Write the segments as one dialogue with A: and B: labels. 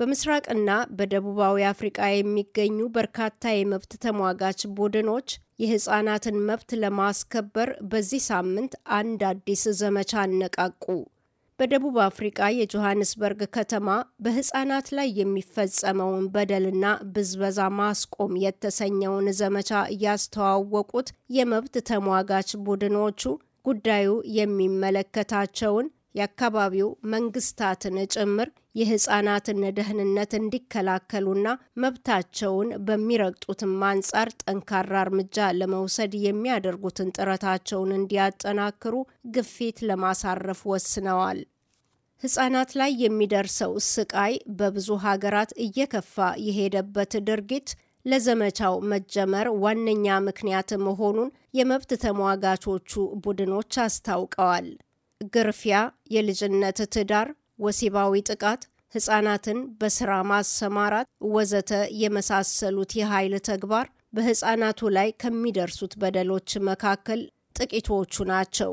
A: በምስራቅና በደቡባዊ አፍሪቃ የሚገኙ በርካታ የመብት ተሟጋች ቡድኖች የህፃናትን መብት ለማስከበር በዚህ ሳምንት አንድ አዲስ ዘመቻ አነቃቁ። በደቡብ አፍሪቃ የጆሃንስበርግ ከተማ በህፃናት ላይ የሚፈጸመውን በደልና ብዝበዛ ማስቆም የተሰኘውን ዘመቻ ያስተዋወቁት የመብት ተሟጋች ቡድኖቹ ጉዳዩ የሚመለከታቸውን የአካባቢው መንግስታትን ጭምር የህፃናትን ደህንነት እንዲከላከሉና መብታቸውን በሚረግጡትም አንጻር ጠንካራ እርምጃ ለመውሰድ የሚያደርጉትን ጥረታቸውን እንዲያጠናክሩ ግፊት ለማሳረፍ ወስነዋል። ህጻናት ላይ የሚደርሰው ስቃይ በብዙ ሀገራት እየከፋ የሄደበት ድርጊት ለዘመቻው መጀመር ዋነኛ ምክንያት መሆኑን የመብት ተሟጋቾቹ ቡድኖች አስታውቀዋል። ግርፊያ፣ የልጅነት ትዳር፣ ወሲባዊ ጥቃት፣ ህጻናትን በስራ ማሰማራት ወዘተ የመሳሰሉት የኃይል ተግባር በህጻናቱ ላይ ከሚደርሱት በደሎች መካከል ጥቂቶቹ ናቸው።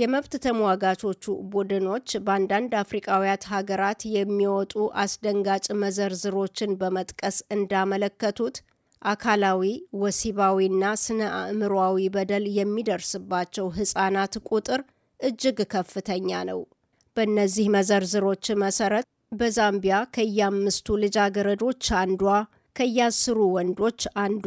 A: የመብት ተሟጋቾቹ ቡድኖች በአንዳንድ አፍሪቃውያት ሀገራት የሚወጡ አስደንጋጭ መዘርዝሮችን በመጥቀስ እንዳመለከቱት አካላዊ፣ ወሲባዊና ስነ አእምሮዊ በደል የሚደርስባቸው ህጻናት ቁጥር እጅግ ከፍተኛ ነው። በእነዚህ መዘርዝሮች መሰረት በዛምቢያ ከየአምስቱ ልጃገረዶች አንዷ፣ ከየአስሩ ወንዶች አንዱ፣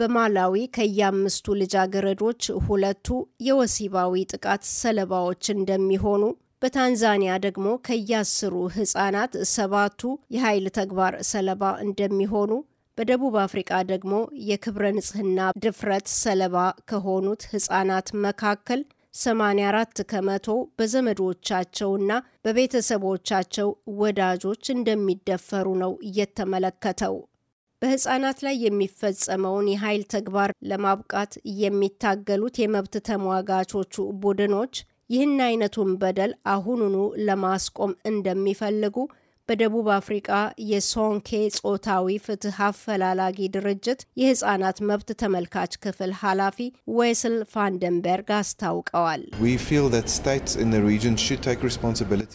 A: በማላዊ ከየአምስቱ ልጃገረዶች ሁለቱ የወሲባዊ ጥቃት ሰለባዎች እንደሚሆኑ፣ በታንዛኒያ ደግሞ ከየአስሩ ህጻናት ሰባቱ የኃይል ተግባር ሰለባ እንደሚሆኑ በደቡብ አፍሪቃ ደግሞ የክብረ ንጽህና ድፍረት ሰለባ ከሆኑት ህጻናት መካከል 84 ከመቶ በዘመዶቻቸውና በቤተሰቦቻቸው ወዳጆች እንደሚደፈሩ ነው እየተመለከተው። በህፃናት ላይ የሚፈጸመውን የኃይል ተግባር ለማብቃት የሚታገሉት የመብት ተሟጋቾቹ ቡድኖች ይህን አይነቱን በደል አሁኑኑ ለማስቆም እንደሚፈልጉ በደቡብ አፍሪቃ የሶንኬ ጾታዊ ፍትህ አፈላላጊ ድርጅት የህጻናት መብት ተመልካች ክፍል ኃላፊ ዌስል ፋንደንበርግ አስታውቀዋል።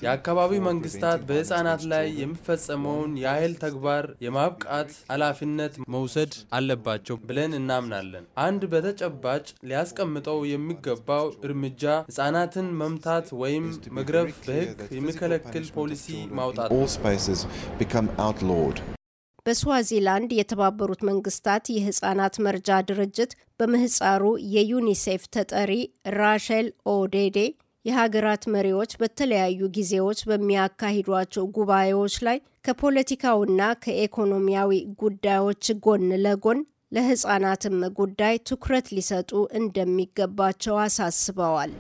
B: የአካባቢው መንግስታት በህጻናት ላይ የሚፈጸመውን የኃይል ተግባር የማብቃት ኃላፊነት መውሰድ አለባቸው ብለን እናምናለን። አንድ በተጨባጭ ሊያስቀምጠው የሚገባው እርምጃ ህጻናትን መምታት ወይም መግረፍ በህግ የሚከለክል ፖሊሲ ማውጣት spaces become
A: outlawed. በስዋዚላንድ የተባበሩት መንግስታት የህፃናት መርጃ ድርጅት በምህፃሩ የዩኒሴፍ ተጠሪ ራሸል ኦዴዴ የሀገራት መሪዎች በተለያዩ ጊዜዎች በሚያካሂዷቸው ጉባኤዎች ላይ ከፖለቲካውና ከኢኮኖሚያዊ ጉዳዮች ጎን ለጎን ለህፃናትም ጉዳይ ትኩረት ሊሰጡ እንደሚገባቸው አሳስበዋል።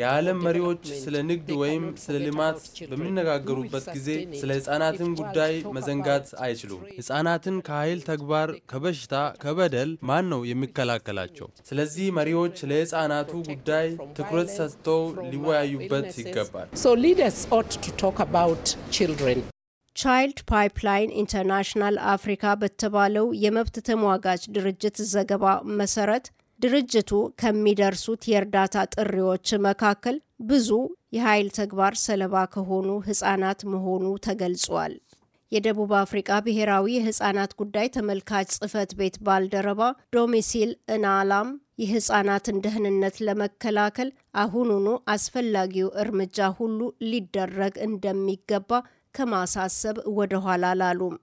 B: የዓለም መሪዎች ስለ ንግድ ወይም ስለ ልማት በሚነጋገሩበት ጊዜ ስለ ሕፃናትን ጉዳይ መዘንጋት አይችሉም። ሕፃናትን ከኃይል ተግባር፣ ከበሽታ፣ ከበደል ማን ነው የሚከላከላቸው? ስለዚህ መሪዎች ለሕፃናቱ ጉዳይ ትኩረት ሰጥተው ሊወያዩበት ይገባል።
A: ቻይልድ ፓይፕላይን ኢንተርናሽናል አፍሪካ በተባለው የመብት ተሟጋች ድርጅት ዘገባ መሰረት ድርጅቱ ከሚደርሱት የእርዳታ ጥሪዎች መካከል ብዙ የኃይል ተግባር ሰለባ ከሆኑ ህጻናት መሆኑ ተገልጿል። የደቡብ አፍሪቃ ብሔራዊ የህጻናት ጉዳይ ተመልካች ጽህፈት ቤት ባልደረባ ዶሚሲል እናላም የህጻናትን ደህንነት ለመከላከል አሁኑኑ አስፈላጊው እርምጃ ሁሉ ሊደረግ እንደሚገባ ከማሳሰብ ወደ ኋላ አላሉም።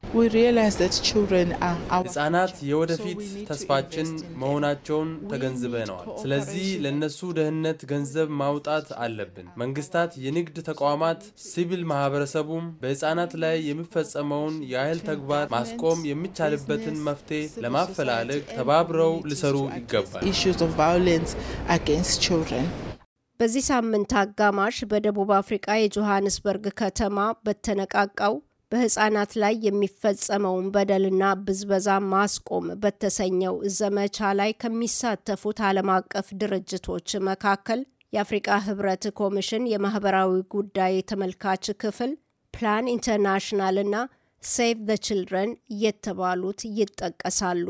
B: ህጻናት የወደፊት ተስፋችን መሆናቸውን ተገንዝበነዋል። ስለዚህ ለእነሱ ደህንነት ገንዘብ ማውጣት አለብን። መንግስታት፣ የንግድ ተቋማት፣ ሲቪል ማህበረሰቡም በህጻናት ላይ የሚፈጸመውን የኃይል ተግባር ማስቆም የሚቻልበትን መፍትሄ ለማፈላለግ ተባብረው ሊሰሩ ይገባል።
A: በዚህ ሳምንት አጋማሽ በደቡብ አፍሪቃ የጆሃንስበርግ ከተማ በተነቃቃው በህጻናት ላይ የሚፈጸመውን በደልና ብዝበዛ ማስቆም በተሰኘው ዘመቻ ላይ ከሚሳተፉት ዓለም አቀፍ ድርጅቶች መካከል የአፍሪቃ ህብረት ኮሚሽን የማህበራዊ ጉዳይ ተመልካች ክፍል፣ ፕላን ኢንተርናሽናልና ሴቭ ዘ ችልድረን እየተባሉት ይጠቀሳሉ።